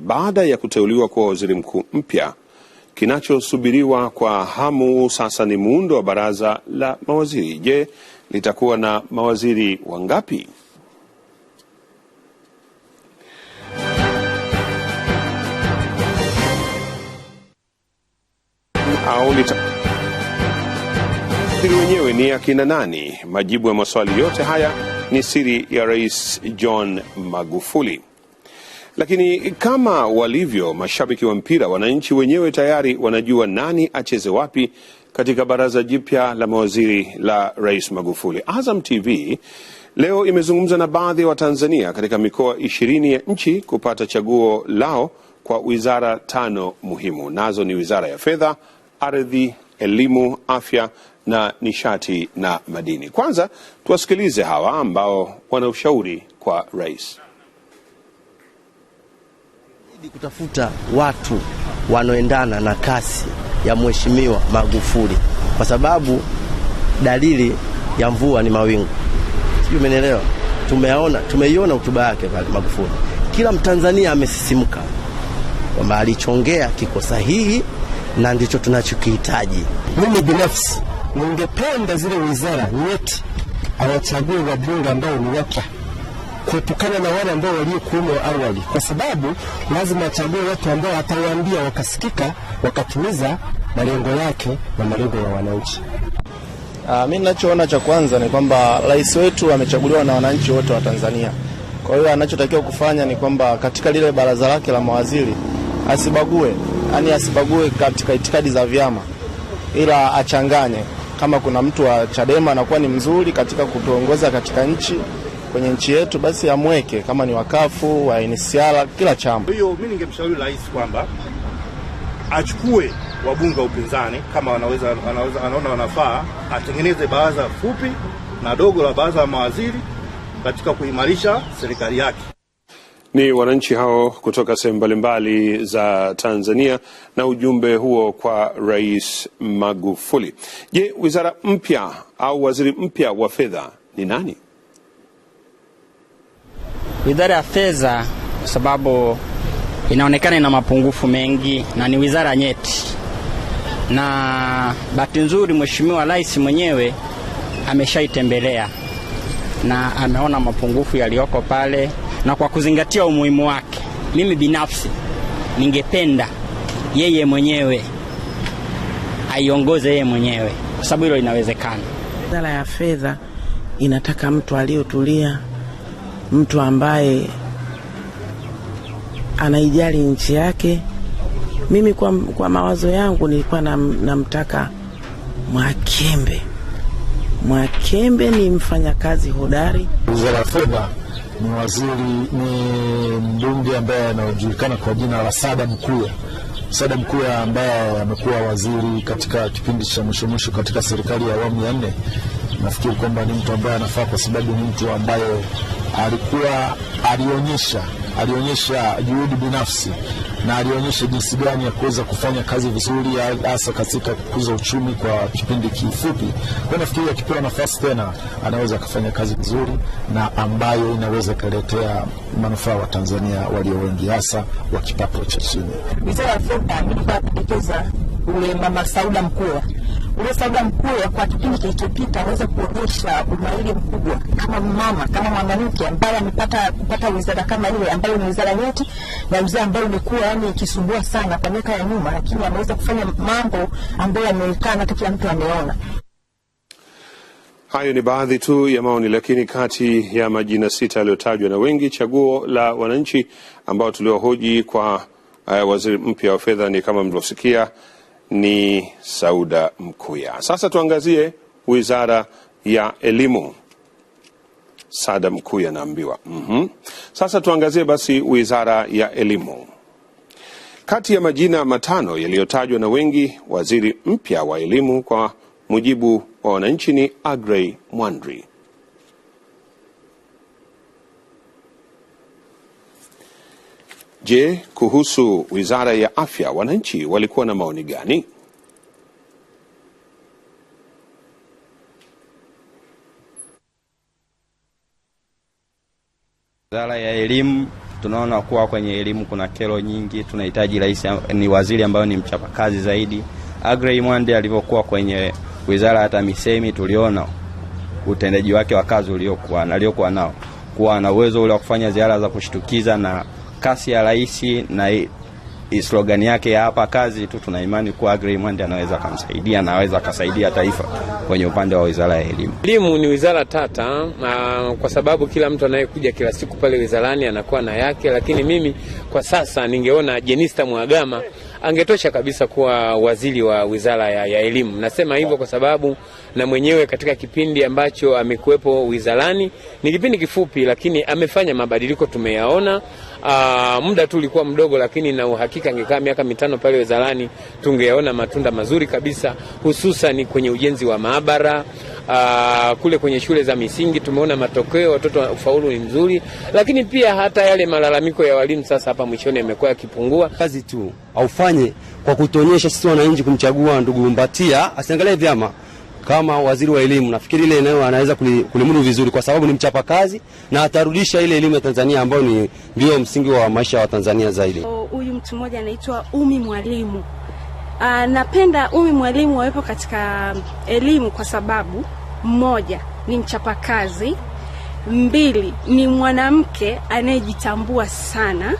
Baada ya kuteuliwa kuwa waziri mkuu mpya, kinachosubiriwa kwa hamu sasa ni muundo wa baraza la mawaziri. Je, litakuwa na mawaziri wangapi? Au waziri wenyewe ni akina nani? Majibu ya maswali yote haya ni siri ya Rais John Magufuli. Lakini kama walivyo mashabiki wa mpira, wananchi wenyewe tayari wanajua nani acheze wapi katika baraza jipya la mawaziri la Rais Magufuli. Azam TV leo imezungumza na baadhi ya wa Watanzania katika mikoa ishirini ya nchi kupata chaguo lao kwa wizara tano muhimu, nazo ni wizara ya fedha, ardhi, elimu, afya na nishati na madini. Kwanza tuwasikilize hawa ambao wana ushauri kwa rais kutafuta watu wanaoendana na kasi ya mheshimiwa Magufuli, kwa sababu dalili ya mvua ni mawingu. Sijui umenielewa? Tumeona, tumeiona hotuba yake Magufuli, kila Mtanzania amesisimka kwamba alichongea kiko sahihi na ndicho tunachokihitaji. Mimi binafsi ningependa zile wizara nyeti awachague wabunge ambao ni wapya kuepukana na wale ambao waliokuwemo awali, kwa sababu lazima achague watu ambao atawaambia wakasikika, wakatimiza malengo yake na malengo ya wananchi. Uh, mimi ninachoona cha kwanza ni kwamba rais wetu amechaguliwa na wananchi wote wa Tanzania. Kwa hiyo anachotakiwa kufanya ni kwamba katika lile baraza lake la mawaziri asibague, yani asibague katika itikadi za vyama, ila achanganye. Kama kuna mtu wa Chadema anakuwa ni mzuri katika kutuongoza katika nchi kwenye nchi yetu, basi amweke kama ni wakafu wa inisiala kila chama. Hiyo mimi ningemshauri rais kwamba achukue wabunge wa upinzani kama wanaweza, wanaweza, anaona wanafaa, atengeneze baraza fupi na dogo la baraza la mawaziri katika kuimarisha serikali yake. Ni wananchi hao kutoka sehemu mbalimbali za Tanzania na ujumbe huo kwa Rais Magufuli. Je, wizara mpya au waziri mpya wa fedha ni nani? Wizara ya Fedha kwa sababu inaonekana ina mapungufu mengi na ni wizara nyeti, na bahati nzuri Mheshimiwa Rais mwenyewe ameshaitembelea na ameona mapungufu yaliyoko pale, na kwa kuzingatia umuhimu wake, mimi binafsi ningependa yeye mwenyewe aiongoze yeye mwenyewe, kwa sababu hilo linawezekana. Wizara ya Fedha inataka mtu aliyotulia mtu ambaye anaijali nchi yake. Mimi kwa, kwa mawazo yangu nilikuwa namtaka na Mwakembe. Mwakembe ni mfanyakazi hodari. Wizara ya fedha ni waziri, ni mbunge ambaye anajulikana kwa jina la Sada Mkuya. Sada Mkuya ambaye amekuwa waziri katika kipindi cha mwisho mwisho katika serikali ya awamu ya nne, nafikiri kwamba ni mtu ambaye anafaa kwa sababu ni mtu ambaye alikuwa alionyesha alionyesha juhudi binafsi na alionyesha jinsi gani ya kuweza kufanya kazi vizuri, hasa katika kukuza uchumi kwa kipindi kifupi. Kwa nafikiri akipewa nafasi tena anaweza akafanya kazi vizuri na ambayo inaweza ikaletea manufaa wa Tanzania walio wengi, hasa wa kipato cha chini. Wizara ya Fedha ilikuwa inapendekeza ule mama Sauda Mkua uliosaga mkuu kwa kipindi kilichopita aweze kuonyesha umahiri mkubwa kama mama kama mwanamke ambaye amepata kupata wizara kama ile ambayo ni wizara nyeti na mzee ambaye umekuwa yani ikisumbua sana kwa miaka ya nyuma, lakini ameweza kufanya mambo ambayo yameonekana hata kila mtu ameona. Hayo ni baadhi tu ya maoni, lakini kati ya majina sita yaliyotajwa na wengi, chaguo la wananchi ambao tuliohoji kwa uh, waziri mpya wa fedha ni kama mlivyosikia ni Sauda Mkuya. Sasa tuangazie wizara ya elimu. Sada Mkuya anaambiwa Mm-hmm. Sasa tuangazie basi wizara ya elimu. Kati ya majina matano yaliyotajwa na wengi, waziri mpya wa elimu kwa mujibu wa wananchi ni Agrey Mwandri. Je, kuhusu wizara ya afya wananchi walikuwa na maoni gani? Wizara ya elimu tunaona kuwa kwenye elimu kuna kero nyingi. Tunahitaji rais ni waziri ambayo ni mchapakazi zaidi. Agrey Mwande alivyokuwa kwenye wizara ya TAMISEMI tuliona utendaji wake wa kazi uliokuwa aliokuwa nao, kuwa na uwezo ule wa kufanya ziara za kushtukiza na kasi ya rais na slogan yake ya hapa kazi tu, tuna imani kuwa Agreement anaweza akamsaidia na anaweza akasaidia taifa kwenye upande wa wizara ya elimu. Elimu ni wizara tata, na kwa sababu kila mtu anayekuja kila siku pale wizarani anakuwa na yake, lakini mimi kwa sasa ningeona Jenista mwagama angetosha kabisa kuwa waziri wa wizara ya, ya elimu. Nasema hivyo kwa sababu na mwenyewe katika kipindi ambacho amekuwepo wizarani ni kipindi kifupi, lakini amefanya mabadiliko tumeyaona. Uh, muda tu ulikuwa mdogo, lakini na uhakika angekaa miaka mitano pale wizarani tungeona matunda mazuri kabisa, hususan kwenye ujenzi wa maabara uh, kule kwenye shule za misingi tumeona matokeo, watoto ufaulu ni mzuri, lakini pia hata yale malalamiko ya walimu sasa hapa mwishoni yamekuwa yakipungua. Kazi tu aufanye kwa kutuonyesha sisi wananchi kumchagua ndugu Mbatia, asiangalie vyama kama waziri wa elimu, nafikiri ile eneo anaweza kulimudu vizuri, kwa sababu ni mchapakazi na atarudisha ile elimu ya Tanzania ambayo ni ndio msingi wa maisha wa Tanzania zaidi. Huyu mtu mmoja anaitwa Umi Mwalimu. Uh, napenda Umi Mwalimu awepo katika um, elimu kwa sababu mmoja ni mchapakazi, mbili ni mwanamke anayejitambua sana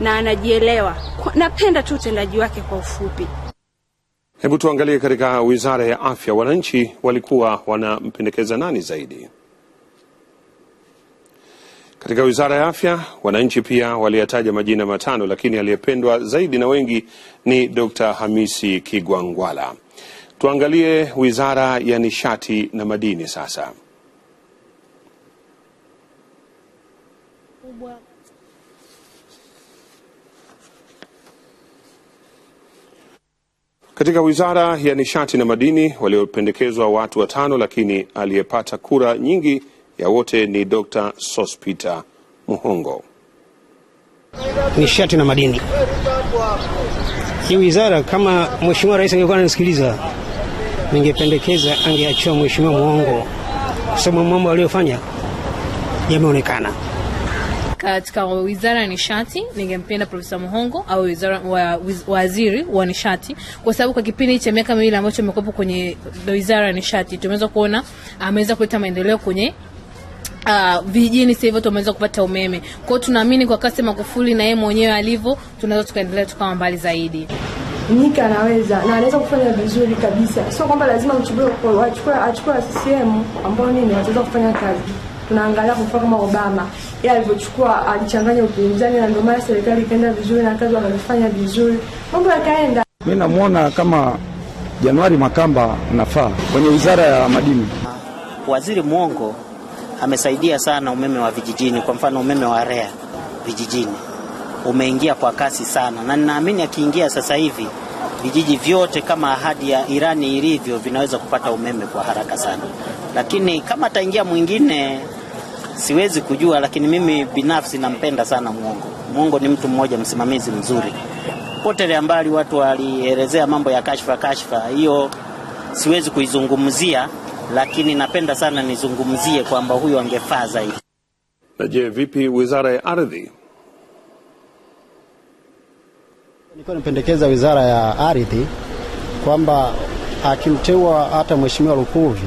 na anajielewa. Napenda tu utendaji wake kwa ufupi. Hebu tuangalie katika wizara ya afya, wananchi walikuwa wanampendekeza nani zaidi? Katika wizara ya afya, wananchi pia waliyataja majina matano, lakini aliyependwa zaidi na wengi ni Dr. Hamisi Kigwangwala. Tuangalie wizara ya nishati na madini sasa. Katika wizara ya nishati na madini waliopendekezwa watu watano, lakini aliyepata kura nyingi ya wote ni Dr. Sospeter Muhongo. Nishati na madini, hii wizara, kama mheshimiwa rais angekuwa ananisikiliza, ningependekeza angeachiwa mheshimiwa Muhongo kwa sababu mambo aliyofanya yameonekana katika wizara ya nishati, ningempenda Profesa Muhongo au wizara, wa, wiz, waziri wa nishati, kwa sababu kwa kipindi cha miaka miwili ambacho amekuwepo kwenye wizara ya nishati tumeweza kuona ameweza kuleta maendeleo kwenye Uh, vijijini sasa hivyo tumeweza kupata umeme. Kwa hiyo tunaamini kwa kasi Magufuli na yeye mwenyewe alivyo, tunaweza tukaendelea tukawa mbali zaidi. Mnyika anaweza na anaweza kufanya vizuri kabisa, sio kwamba lazima achukue achukue CCM ambao nini wataweza kufanya kazi. Tunaangalia kwa kama Obama yeye alivyochukua alichanganya upinzani, na ndio maana serikali ikaenda vizuri na kazi wakazifanya vizuri, mambo yakaenda. Mi namwona kama Januari Makamba nafaa kwenye wizara ya madini. Waziri Mwongo amesaidia sana umeme wa vijijini, kwa mfano umeme wa REA vijijini umeingia kwa kasi sana, na ninaamini akiingia sasa hivi vijiji vyote kama ahadi ya Irani ilivyo vinaweza kupata umeme kwa haraka sana, lakini kama ataingia mwingine siwezi kujua, lakini mimi binafsi nampenda sana Mwongo. Mwongo ni mtu mmoja msimamizi mzuri. Potele mbali watu walielezea mambo ya kashfa kashfa, hiyo siwezi kuizungumzia, lakini napenda sana nizungumzie kwamba huyo angefaa zaidi. Na je, vipi wizara ya ardhi? Nilikuwa nipendekeza wizara ya ardhi kwamba akimteua hata mheshimiwa Lukuvi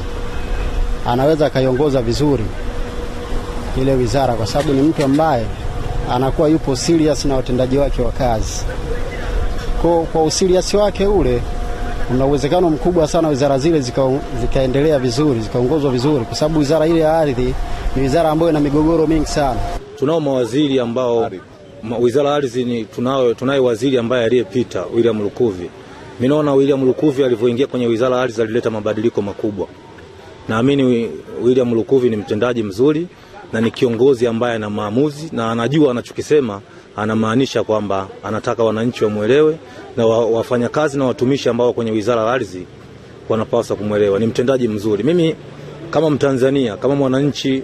anaweza akaiongoza vizuri ile wizara, kwa sababu ni mtu ambaye anakuwa yupo serious na watendaji wake wa kazi. Kwa, kwa serious wake ule kuna uwezekano mkubwa sana wizara zile zika, zikaendelea vizuri zikaongozwa vizuri, kwa sababu wizara ile ya ardhi ni wizara ambayo ina migogoro mingi sana. Tunao mawaziri ambao ma, wizara ya ardhi ni tunao, tunaye waziri ambaye aliyepita William Lukuvi. Mimi naona William Lukuvi alivyoingia kwenye wizara ya ardhi alileta mabadiliko makubwa. Naamini William Lukuvi ni mtendaji mzuri na ni kiongozi ambaye ana maamuzi na anajua anachokisema, anamaanisha kwamba anataka wananchi wamwelewe na wa, wafanyakazi na watumishi ambao kwenye Wizara ya Ardhi wanapaswa kumwelewa. Ni mtendaji mzuri. Mimi kama Mtanzania, kama mwananchi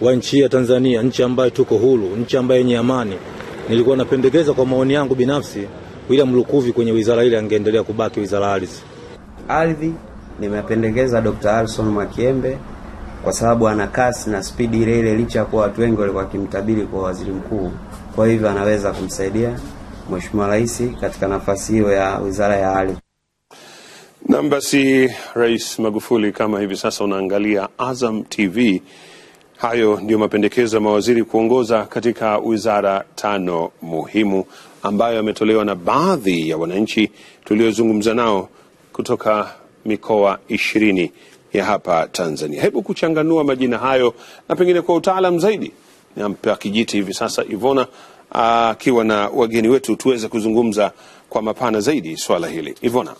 wa nchi ya Tanzania, nchi ambayo tuko huru, nchi ambayo yenye amani, nilikuwa napendekeza kwa maoni yangu binafsi William Lukuvi kwenye wizara ile angeendelea kubaki Wizara ya Ardhi. Ardhi nimependekeza Dr. Alson Makiembe kwa sababu ana kasi na spidi ile ile, licha ya kuwa watu wengi walikuwa kimtabiri kwa waziri mkuu. Kwa hivyo anaweza kumsaidia Mheshimiwa Rais katika nafasi hiyo ya wizara ya ardhi. Nam, basi Rais Magufuli, kama hivi sasa unaangalia Azam TV, hayo ndiyo mapendekezo ya mawaziri kuongoza katika wizara tano muhimu ambayo yametolewa na baadhi ya wananchi tuliozungumza nao kutoka mikoa ishirini ya hapa Tanzania. Hebu kuchanganua majina hayo na pengine kwa utaalam zaidi, nampa kijiti hivi sasa Ivona ah, akiwa na wageni wetu tuweze kuzungumza kwa mapana zaidi swala hili. Ivona.